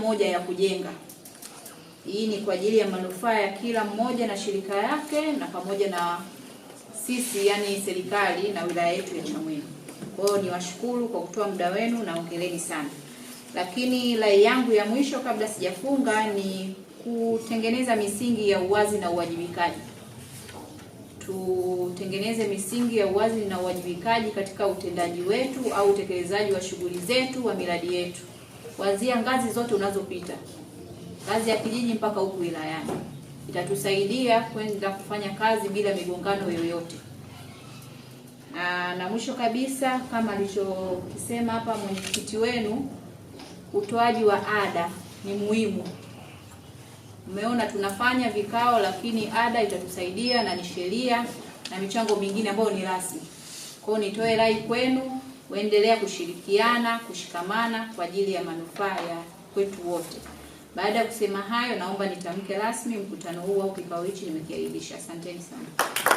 moja ya kujenga. Hii ni kwa ajili ya manufaa ya kila mmoja na shirika yake na pamoja na sisi, yani serikali na wilaya yetu ya Chamwino. Kwa hiyo niwashukuru kwa kutoa muda wenu na ongeleni sana. Lakini rai yangu ya mwisho kabla sijafunga ni kutengeneza misingi ya uwazi na uwajibikaji. Tutengeneze misingi ya uwazi na uwajibikaji katika utendaji wetu au utekelezaji wa shughuli zetu wa miradi yetu kuanzia ngazi zote unazopita, ngazi ya kijiji mpaka huku wilayani. Itatusaidia kwenda kufanya kazi bila migongano yoyote. Na, na mwisho kabisa kama alichokisema hapa mwenyekiti wenu, utoaji wa ada ni muhimu. umeona tunafanya vikao, lakini ada itatusaidia na ni sheria na michango mingine ambayo ni rasmi. Kwa hiyo nitoe rai kwenu waendelea kushirikiana, kushikamana kwa ajili ya manufaa ya kwetu wote. Baada ya kusema hayo, naomba nitamke rasmi mkutano huu au kikao hichi nimekiahirisha. Asanteni sana.